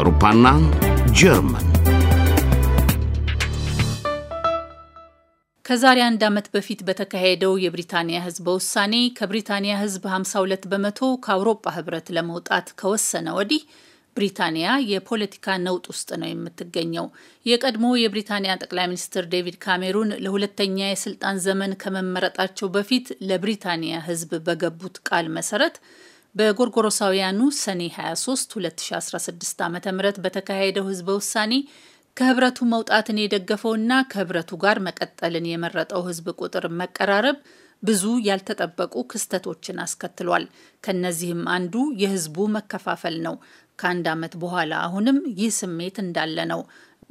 አውሮፓና ጀርመን ከዛሬ አንድ ዓመት በፊት በተካሄደው የብሪታንያ ሕዝበ ውሳኔ ከብሪታንያ ሕዝብ 52 በመቶ ከአውሮፓ ሕብረት ለመውጣት ከወሰነ ወዲህ ብሪታንያ የፖለቲካ ነውጥ ውስጥ ነው የምትገኘው። የቀድሞ የብሪታንያ ጠቅላይ ሚኒስትር ዴቪድ ካሜሩን ለሁለተኛ የስልጣን ዘመን ከመመረጣቸው በፊት ለብሪታንያ ሕዝብ በገቡት ቃል መሰረት በጎርጎሮሳውያኑ ሰኔ 23 2016 ዓ ም በተካሄደው ህዝበ ውሳኔ ከህብረቱ መውጣትን የደገፈውና ከህብረቱ ጋር መቀጠልን የመረጠው ህዝብ ቁጥር መቀራረብ ብዙ ያልተጠበቁ ክስተቶችን አስከትሏል። ከነዚህም አንዱ የህዝቡ መከፋፈል ነው። ከአንድ ዓመት በኋላ አሁንም ይህ ስሜት እንዳለ ነው።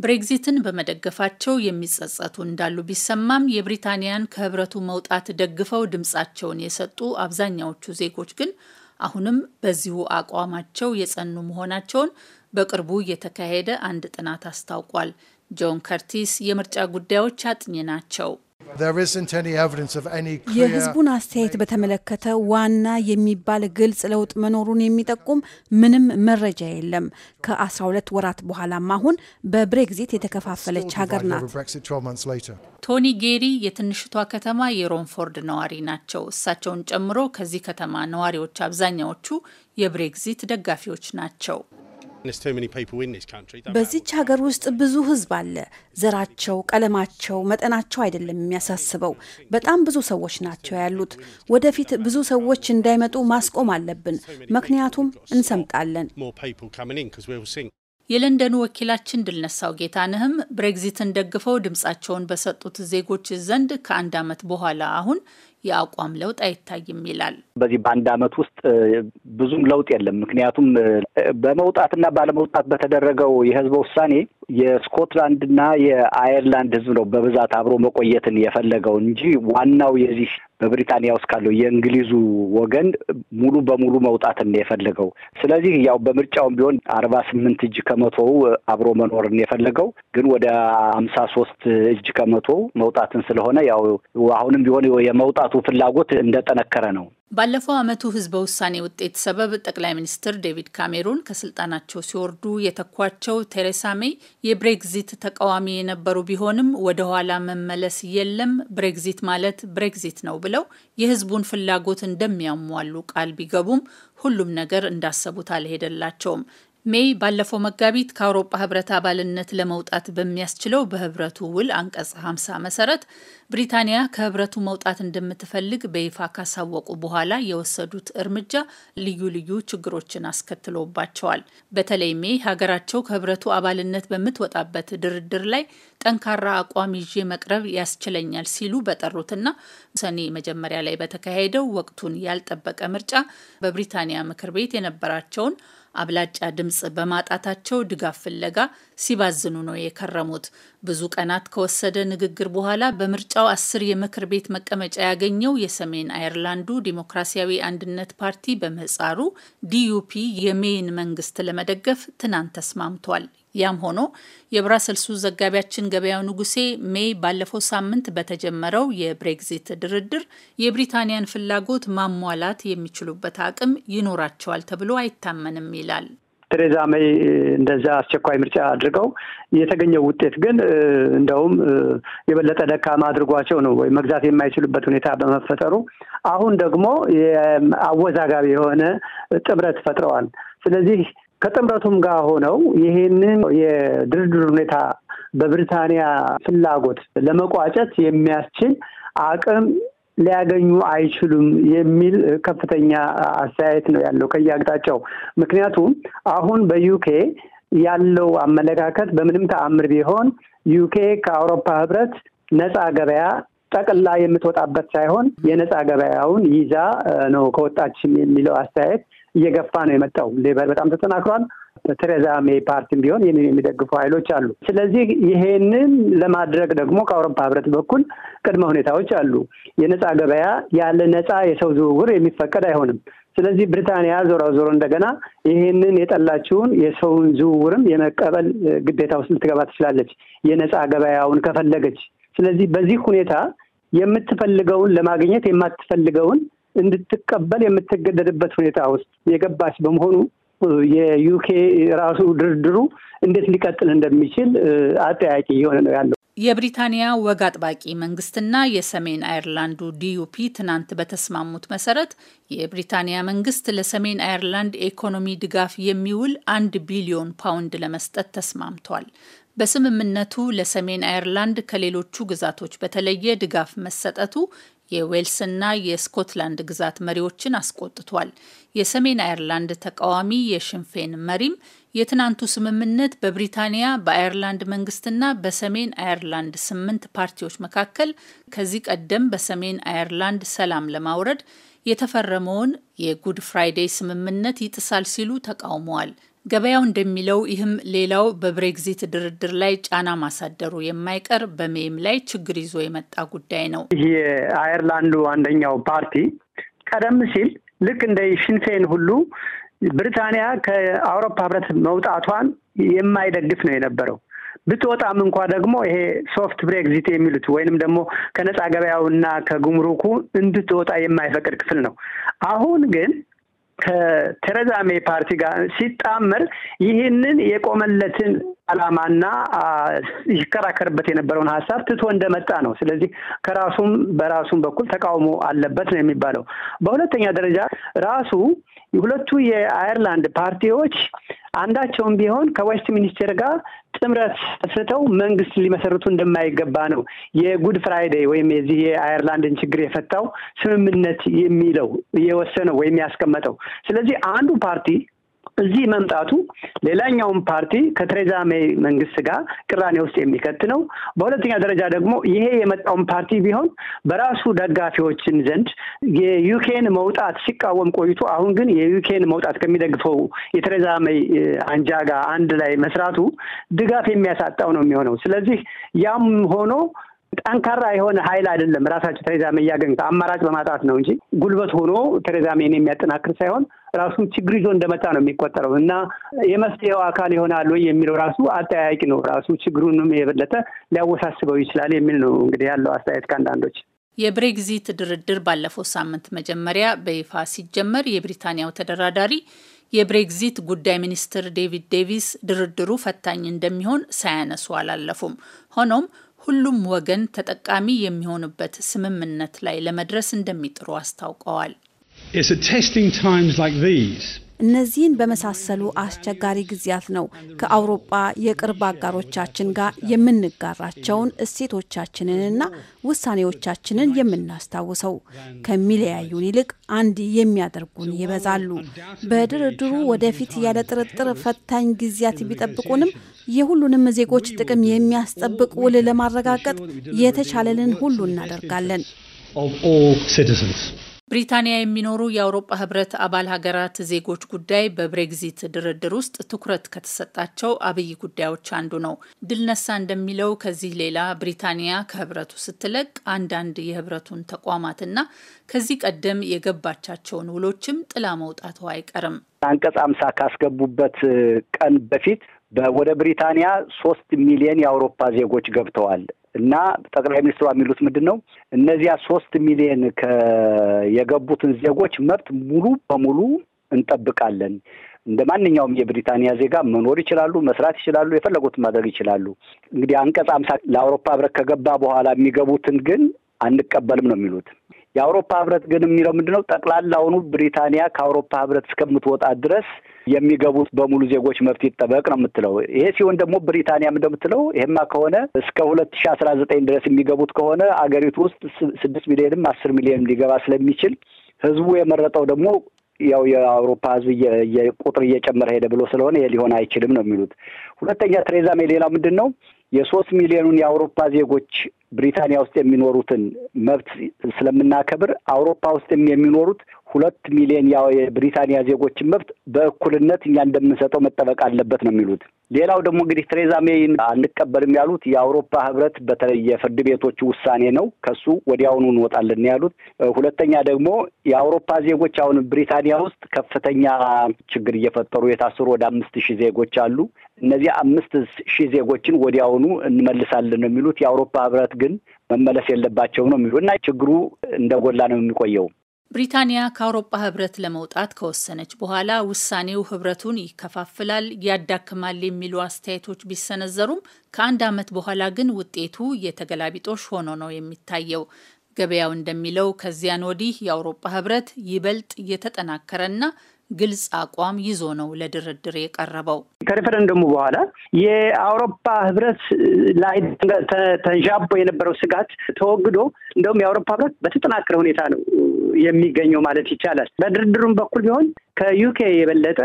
ብሬግዚትን በመደገፋቸው የሚጸጸቱ እንዳሉ ቢሰማም የብሪታንያን ከህብረቱ መውጣት ደግፈው ድምፃቸውን የሰጡ አብዛኛዎቹ ዜጎች ግን አሁንም በዚሁ አቋማቸው የጸኑ መሆናቸውን በቅርቡ የተካሄደ አንድ ጥናት አስታውቋል። ጆን ከርቲስ የምርጫ ጉዳዮች አጥኚ ናቸው። የህዝቡን አስተያየት በተመለከተ ዋና የሚባል ግልጽ ለውጥ መኖሩን የሚጠቁም ምንም መረጃ የለም። ከ12 ወራት በኋላም አሁን በብሬግዚት የተከፋፈለች ሀገር ናት። ቶኒ ጌሪ የትንሽቷ ከተማ የሮንፎርድ ነዋሪ ናቸው። እሳቸውን ጨምሮ ከዚህ ከተማ ነዋሪዎች አብዛኛዎቹ የብሬግዚት ደጋፊዎች ናቸው። በዚች ሀገር ውስጥ ብዙ ህዝብ አለ። ዘራቸው፣ ቀለማቸው፣ መጠናቸው አይደለም የሚያሳስበው። በጣም ብዙ ሰዎች ናቸው ያሉት። ወደፊት ብዙ ሰዎች እንዳይመጡ ማስቆም አለብን፣ ምክንያቱም እንሰምጣለን። የለንደኑ ወኪላችን ድልነሳው ጌታንህም ብሬግዚትን ደግፈው ድምፃቸውን በሰጡት ዜጎች ዘንድ ከአንድ ዓመት በኋላ አሁን የአቋም ለውጥ አይታይም ይላል። በዚህ በአንድ አመት ውስጥ ብዙም ለውጥ የለም። ምክንያቱም በመውጣትና ባለመውጣት በተደረገው የህዝበ ውሳኔ የስኮትላንድና የአየርላንድ ህዝብ ነው በብዛት አብሮ መቆየትን የፈለገው እንጂ ዋናው የዚህ በብሪታንያ ውስጥ ካለው የእንግሊዙ ወገን ሙሉ በሙሉ መውጣትን የፈለገው። ስለዚህ ያው በምርጫውም ቢሆን አርባ ስምንት እጅ ከመቶ አብሮ መኖርን የፈለገው ግን ወደ ሀምሳ ሶስት እጅ ከመቶ መውጣትን ስለሆነ ያው አሁንም ቢሆን የመውጣቱ ፍላጎት እንደጠነከረ ነው። ባለፈው ዓመቱ ህዝበ ውሳኔ ውጤት ሰበብ ጠቅላይ ሚኒስትር ዴቪድ ካሜሩን ከስልጣናቸው ሲወርዱ የተኳቸው ቴሬሳ ሜይ የብሬግዚት ተቃዋሚ የነበሩ ቢሆንም ወደ ኋላ መመለስ የለም፣ ብሬግዚት ማለት ብሬግዚት ነው ብለው የህዝቡን ፍላጎት እንደሚያሟሉ ቃል ቢገቡም ሁሉም ነገር እንዳሰቡት አልሄደላቸውም። ሜይ ባለፈው መጋቢት ከአውሮፓ ህብረት አባልነት ለመውጣት በሚያስችለው በህብረቱ ውል አንቀጽ 50 መሰረት ብሪታንያ ከህብረቱ መውጣት እንደምትፈልግ በይፋ ካሳወቁ በኋላ የወሰዱት እርምጃ ልዩ ልዩ ችግሮችን አስከትሎባቸዋል። በተለይ ሜይ ሀገራቸው ከህብረቱ አባልነት በምትወጣበት ድርድር ላይ ጠንካራ አቋም ይዤ መቅረብ ያስችለኛል ሲሉ በጠሩትና ሰኔ መጀመሪያ ላይ በተካሄደው ወቅቱን ያልጠበቀ ምርጫ በብሪታንያ ምክር ቤት የነበራቸውን አብላጫ ድምፅ በማጣታቸው ድጋፍ ፍለጋ ሲባዝኑ ነው የከረሙት። ብዙ ቀናት ከወሰደ ንግግር በኋላ በምርጫው አስር የምክር ቤት መቀመጫ ያገኘው የሰሜን አየርላንዱ ዲሞክራሲያዊ አንድነት ፓርቲ በምህጻሩ ዲዩፒ የሜይን መንግስት ለመደገፍ ትናንት ተስማምቷል። ያም ሆኖ የብራሰልሱ ዘጋቢያችን ገበያው ንጉሴ ሜይ ባለፈው ሳምንት በተጀመረው የብሬግዚት ድርድር የብሪታንያን ፍላጎት ማሟላት የሚችሉበት አቅም ይኖራቸዋል ተብሎ አይታመንም ይላል። ቴሬዛ መይ እንደዛ አስቸኳይ ምርጫ አድርገው የተገኘው ውጤት ግን እንደውም የበለጠ ደካማ አድርጓቸው ነው ወይ መግዛት የማይችሉበት ሁኔታ በመፈጠሩ አሁን ደግሞ አወዛጋቢ የሆነ ጥምረት ፈጥረዋል። ስለዚህ ከጥምረቱም ጋር ሆነው ይሄንን የድርድር ሁኔታ በብሪታንያ ፍላጎት ለመቋጨት የሚያስችል አቅም ሊያገኙ አይችሉም የሚል ከፍተኛ አስተያየት ነው ያለው ከየአቅጣጫው። ምክንያቱም አሁን በዩኬ ያለው አመለካከት በምንም ተአምር ቢሆን ዩኬ ከአውሮፓ ህብረት ነፃ ገበያ ጠቅላ የምትወጣበት ሳይሆን የነፃ ገበያውን ይዛ ነው ከወጣች የሚለው አስተያየት እየገፋ ነው የመጣው። ሌበር በጣም ተጠናክሯል። ቴሬዛ ሜይ ፓርቲም ቢሆን ይህንን የሚደግፉ ኃይሎች አሉ። ስለዚህ ይሄንን ለማድረግ ደግሞ ከአውሮፓ ህብረት በኩል ቅድመ ሁኔታዎች አሉ። የነፃ ገበያ ያለ ነፃ የሰው ዝውውር የሚፈቀድ አይሆንም። ስለዚህ ብሪታንያ ዞሮ ዞሮ እንደገና ይህንን የጠላችውን የሰውን ዝውውርም የመቀበል ግዴታ ውስጥ ልትገባ ትችላለች፣ የነፃ ገበያውን ከፈለገች። ስለዚህ በዚህ ሁኔታ የምትፈልገውን ለማግኘት የማትፈልገውን እንድትቀበል የምትገደድበት ሁኔታ ውስጥ የገባች በመሆኑ የዩኬ ራሱ ድርድሩ እንዴት ሊቀጥል እንደሚችል አጠያቂ የሆነ ነው ያለው። የብሪታንያ ወግ አጥባቂ መንግስትና የሰሜን አይርላንዱ ዲዩፒ ትናንት በተስማሙት መሰረት የብሪታንያ መንግስት ለሰሜን አይርላንድ ኢኮኖሚ ድጋፍ የሚውል አንድ ቢሊዮን ፓውንድ ለመስጠት ተስማምቷል። በስምምነቱ ለሰሜን አይርላንድ ከሌሎቹ ግዛቶች በተለየ ድጋፍ መሰጠቱ የዌልስና የስኮትላንድ ግዛት መሪዎችን አስቆጥቷል። የሰሜን አይርላንድ ተቃዋሚ የሽንፌን መሪም የትናንቱ ስምምነት በብሪታንያ በአይርላንድ መንግስትና በሰሜን አይርላንድ ስምንት ፓርቲዎች መካከል ከዚህ ቀደም በሰሜን አይርላንድ ሰላም ለማውረድ የተፈረመውን የጉድ ፍራይዴይ ስምምነት ይጥሳል ሲሉ ተቃውመዋል። ገበያው እንደሚለው ይህም ሌላው በብሬግዚት ድርድር ላይ ጫና ማሳደሩ የማይቀር በሜይም ላይ ችግር ይዞ የመጣ ጉዳይ ነው። የአየርላንዱ አንደኛው ፓርቲ ቀደም ሲል ልክ እንደ ሽንፌን ሁሉ ብሪታንያ ከአውሮፓ ህብረት መውጣቷን የማይደግፍ ነው የነበረው። ብትወጣም እንኳ ደግሞ ይሄ ሶፍት ብሬግዚት የሚሉት ወይንም ደግሞ ከነፃ ገበያውና ከጉምሩኩ እንድትወጣ የማይፈቅድ ክፍል ነው። አሁን ግን ከተረዛ ሜይ ፓርቲ ጋር ሲጣምር ይህንን የቆመለትን አላማና ይከራከርበት የነበረውን ሀሳብ ትቶ እንደመጣ ነው። ስለዚህ ከራሱም በራሱም በኩል ተቃውሞ አለበት ነው የሚባለው። በሁለተኛ ደረጃ ራሱ ሁለቱ የአየርላንድ ፓርቲዎች አንዳቸውም ቢሆን ከዋይት ሚኒስቴር ጋር ጥምረት ስተው መንግስት ሊመሰርቱ እንደማይገባ ነው የጉድ ፍራይዴይ ወይም የዚህ የአየርላንድን ችግር የፈታው ስምምነት የሚለው የወሰነው ወይም ያስቀመጠው። ስለዚህ አንዱ ፓርቲ እዚህ መምጣቱ ሌላኛውን ፓርቲ ከቴሬዛ ሜይ መንግስት ጋር ቅራኔ ውስጥ የሚከት ነው። በሁለተኛ ደረጃ ደግሞ ይሄ የመጣውን ፓርቲ ቢሆን በራሱ ደጋፊዎችን ዘንድ የዩኬን መውጣት ሲቃወም ቆይቶ አሁን ግን የዩኬን መውጣት ከሚደግፈው የቴሬዛ ሜይ አንጃ ጋር አንድ ላይ መስራቱ ድጋፍ የሚያሳጣው ነው የሚሆነው። ስለዚህ ያም ሆኖ ጠንካራ የሆነ ኃይል አይደለም ራሳቸው ቴሬዛ ሜይ እያገኙት አማራጭ በማጣት ነው እንጂ ጉልበት ሆኖ ቴሬዛ ሜይን የሚያጠናክር ሳይሆን ራሱ ችግር ይዞ እንደመጣ ነው የሚቆጠረው እና የመፍትሄው አካል ይሆናሉ የሚለው ራሱ አጠያያቂ ነው። ራሱ ችግሩንም የበለጠ ሊያወሳስበው ይችላል የሚል ነው እንግዲህ ያለው አስተያየት ከአንዳንዶች። የብሬግዚት ድርድር ባለፈው ሳምንት መጀመሪያ በይፋ ሲጀመር የብሪታንያው ተደራዳሪ የብሬግዚት ጉዳይ ሚኒስትር ዴቪድ ዴቪስ ድርድሩ ፈታኝ እንደሚሆን ሳያነሱ አላለፉም። ሆኖም ሁሉም ወገን ተጠቃሚ የሚሆንበት ስምምነት ላይ ለመድረስ እንደሚጥሩ አስታውቀዋል። እነዚህን በመሳሰሉ አስቸጋሪ ጊዜያት ነው ከአውሮጳ የቅርብ አጋሮቻችን ጋር የምንጋራቸውን እሴቶቻችንንና ውሳኔዎቻችንን የምናስታውሰው። ከሚለያዩን ይልቅ አንድ የሚያደርጉን ይበዛሉ። በድርድሩ ወደፊት ያለ ጥርጥር ፈታኝ ጊዜያት ቢጠብቁንም የሁሉንም ዜጎች ጥቅም የሚያስጠብቅ ውል ለማረጋገጥ የተቻለንን ሁሉ እናደርጋለን። ብሪታንያ የሚኖሩ የአውሮፓ ህብረት አባል ሀገራት ዜጎች ጉዳይ በብሬግዚት ድርድር ውስጥ ትኩረት ከተሰጣቸው አብይ ጉዳዮች አንዱ ነው። ድልነሳ እንደሚለው ከዚህ ሌላ ብሪታንያ ከህብረቱ ስትለቅ አንዳንድ የህብረቱን ተቋማትና ከዚህ ቀደም የገባቻቸውን ውሎችም ጥላ መውጣቱ አይቀርም። አንቀጽ አምሳ ካስገቡበት ቀን በፊት ወደ ብሪታንያ ሶስት ሚሊዮን የአውሮፓ ዜጎች ገብተዋል። እና ጠቅላይ ሚኒስትሯ የሚሉት ምንድን ነው? እነዚያ ሶስት ሚሊዮን የገቡትን ዜጎች መብት ሙሉ በሙሉ እንጠብቃለን። እንደ ማንኛውም የብሪታንያ ዜጋ መኖር ይችላሉ፣ መስራት ይችላሉ፣ የፈለጉትን ማድረግ ይችላሉ። እንግዲህ አንቀጽ አምሳ ለአውሮፓ ህብረት ከገባ በኋላ የሚገቡትን ግን አንቀበልም ነው የሚሉት። የአውሮፓ ህብረት ግን የሚለው ምንድነው? ጠቅላላውኑ ብሪታንያ ከአውሮፓ ህብረት እስከምትወጣ ድረስ የሚገቡት በሙሉ ዜጎች መብት ይጠበቅ ነው የምትለው። ይሄ ሲሆን ደግሞ ብሪታንያም እንደምትለው ይሄማ ከሆነ እስከ ሁለት ሺ አስራ ዘጠኝ ድረስ የሚገቡት ከሆነ አገሪቱ ውስጥ ስድስት ሚሊዮንም አስር ሚሊዮንም ሊገባ ስለሚችል ህዝቡ የመረጠው ደግሞ ያው የአውሮፓ ህዝብ ቁጥር እየጨመረ ሄደ ብሎ ስለሆነ ይሄ ሊሆን አይችልም ነው የሚሉት። ሁለተኛ ቴሬዛ ሜይ ሌላው ምንድን ነው የሶስት ሚሊዮኑን የአውሮፓ ዜጎች ብሪታንያ ውስጥ የሚኖሩትን መብት ስለምናከብር አውሮፓ ውስጥም የሚኖሩት ሁለት ሚሊዮን ያው የብሪታንያ ዜጎችን መብት በእኩልነት እኛ እንደምንሰጠው መጠበቅ አለበት ነው የሚሉት። ሌላው ደግሞ እንግዲህ ቴሬዛ ሜይን አንቀበልም ያሉት የአውሮፓ ህብረት በተለይ የፍርድ ቤቶቹ ውሳኔ ነው። ከሱ ወዲያውኑ እንወጣለን ያሉት። ሁለተኛ ደግሞ የአውሮፓ ዜጎች አሁን ብሪታንያ ውስጥ ከፍተኛ ችግር እየፈጠሩ የታሰሩ ወደ አምስት ሺህ ዜጎች አሉ። እነዚህ አምስት ሺህ ዜጎችን ወዲያውኑ እንመልሳለን ነው የሚሉት። የአውሮፓ ህብረት ግን መመለስ የለባቸውም ነው የሚሉ እና ችግሩ እንደጎላ ነው የሚቆየው። ብሪታንያ ከአውሮፓ ህብረት ለመውጣት ከወሰነች በኋላ ውሳኔው ህብረቱን ይከፋፍላል፣ ያዳክማል የሚሉ አስተያየቶች ቢሰነዘሩም ከአንድ ዓመት በኋላ ግን ውጤቱ የተገላቢጦሽ ሆኖ ነው የሚታየው። ገበያው እንደሚለው ከዚያን ወዲህ የአውሮፓ ህብረት ይበልጥ የተጠናከረና ግልጽ አቋም ይዞ ነው ለድርድር የቀረበው። ከሬፈረንደሙ በኋላ የአውሮፓ ህብረት ላይ ተንዣቦ የነበረው ስጋት ተወግዶ እንደውም የአውሮፓ ህብረት በተጠናከረ ሁኔታ ነው የሚገኘው ማለት ይቻላል። በድርድሩም በኩል ቢሆን ከዩኬ የበለጠ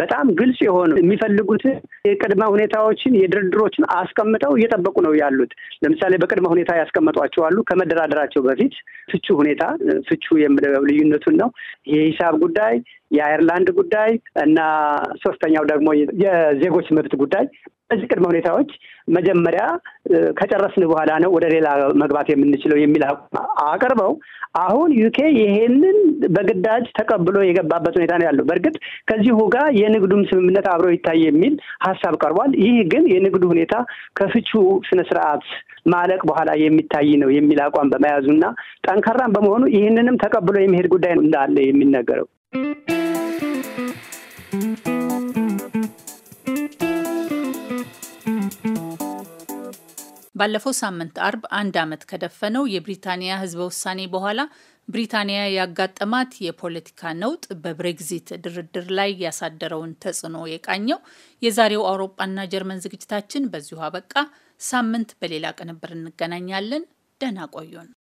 በጣም ግልጽ የሆኑ የሚፈልጉትን የቅድመ ሁኔታዎችን የድርድሮችን አስቀምጠው እየጠበቁ ነው ያሉት። ለምሳሌ በቅድመ ሁኔታ ያስቀመጧቸው አሉ። ከመደራደራቸው በፊት ፍቹ ሁኔታ ፍቹ የምለው ልዩነቱን ነው። የሂሳብ ጉዳይ፣ የአይርላንድ ጉዳይ እና ሶስተኛው ደግሞ የዜጎች መብት ጉዳይ በዚህ ቅድመ ሁኔታዎች መጀመሪያ ከጨረስን በኋላ ነው ወደ ሌላ መግባት የምንችለው የሚል አቅርበው አሁን ዩኬ ይሄንን በግዳጅ ተቀብሎ የገባበት ሁኔታ ነው ያለው። በእርግጥ ከዚሁ ጋር የንግዱም ስምምነት አብሮ ይታይ የሚል ሀሳብ ቀርቧል። ይህ ግን የንግዱ ሁኔታ ከፍቹ ስነስርዓት ማለቅ በኋላ የሚታይ ነው የሚል አቋም በመያዙና ጠንካራም በመሆኑ ይህንንም ተቀብሎ የመሄድ ጉዳይ እንዳለ የሚነገረው ባለፈው ሳምንት አርብ አንድ ዓመት ከደፈነው የብሪታንያ ህዝበ ውሳኔ በኋላ ብሪታንያ ያጋጠማት የፖለቲካ ነውጥ በብሬግዚት ድርድር ላይ ያሳደረውን ተጽዕኖ የቃኘው የዛሬው አውሮጳና ጀርመን ዝግጅታችን በዚሁ አበቃ። ሳምንት በሌላ ቅንብር እንገናኛለን። ደህና ቆዩን።